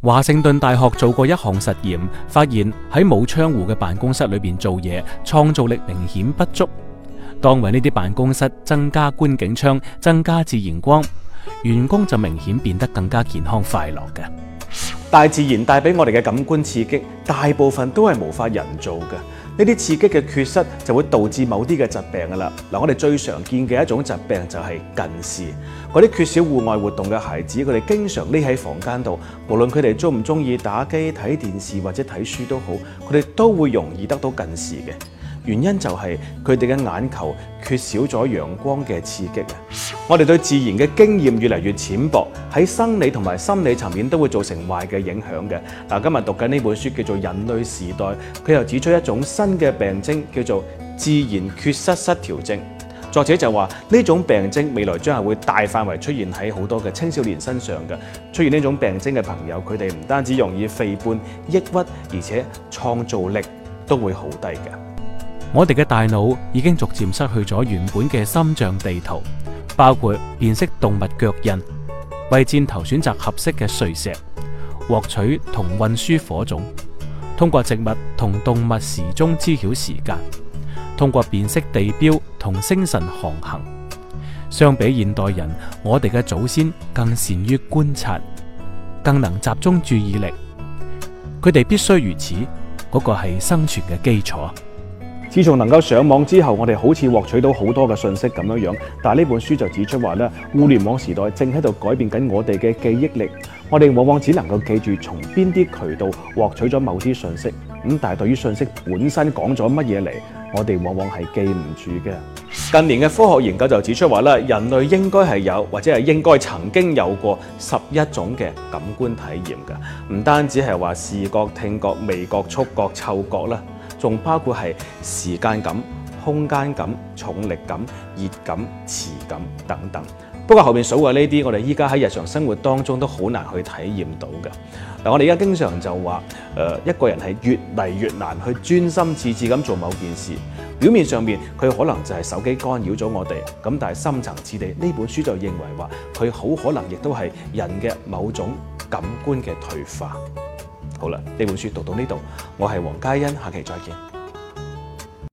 華盛頓大學做過一項實驗，發現喺冇窗戶嘅辦公室裏邊做嘢，創造力明顯不足。當為呢啲辦公室增加觀景窗、增加自然光，員工就明顯變得更加健康快樂嘅。大自然帶俾我哋嘅感官刺激，大部分都係無法人造嘅。呢啲刺激嘅缺失就會導致某啲嘅疾病㗎喇。嗱，我哋最常見嘅一種疾病就係近視。嗰啲缺少戶外活動嘅孩子，佢哋經常匿喺房間度，無論佢哋鍾唔鍾意打機、睇電視或者睇書都好，佢哋都會容易得到近視嘅。原因就係佢哋嘅眼球缺少咗陽光嘅刺激啊！我哋對自然嘅經驗越嚟越淺薄，喺生理同埋心理層面都會造成壞嘅影響嘅嗱。今日讀緊呢本書叫做《人類時代》，佢又指出一種新嘅病徵叫做自然缺失失調症。作者就話呢種病徵未來將係會大範圍出現喺好多嘅青少年身上嘅。出現呢種病徵嘅朋友，佢哋唔單止容易肥胖、抑鬱，而且創造力都會好低嘅。我哋嘅大腦已經逐漸失去咗原本嘅心象地圖，包括辨識動物腳印、為箭頭選擇合適嘅碎石、獲取同運輸火種、通過植物同動物時鐘知曉時間、通過辨識地標同星辰航行。相比現代人，我哋嘅祖先更善於觀察，更能集中注意力。佢哋必須如此，嗰、那個係生存嘅基礎。自從能夠上網之後，我哋好似獲取到好多嘅信息咁樣樣。但係呢本書就指出話咧，互聯網時代正喺度改變緊我哋嘅記憶力。我哋往往只能夠記住從邊啲渠道獲取咗某啲信息，咁但係對於信息本身講咗乜嘢嚟，我哋往往係記唔住嘅。近年嘅科學研究就指出話咧，人類應該係有或者係應該曾經有過十一種嘅感官體驗噶，唔單止係話視覺、聽覺、味覺、觸覺、嗅覺啦。仲包括係時間感、空間感、重力感、熱感、磁感等等。不過後面數過呢啲，我哋依家喺日常生活當中都好難去體驗到嘅。嗱，我哋依家經常就話，呃，一個人係越嚟越難去專心致志咁做某件事。表面上面佢可能就係手機干擾咗我哋，咁但係深層次地，呢本書就認為話佢好可能亦都係人嘅某種感官嘅退化。好啦，呢本書讀到呢度，我係黃嘉欣，下期再見。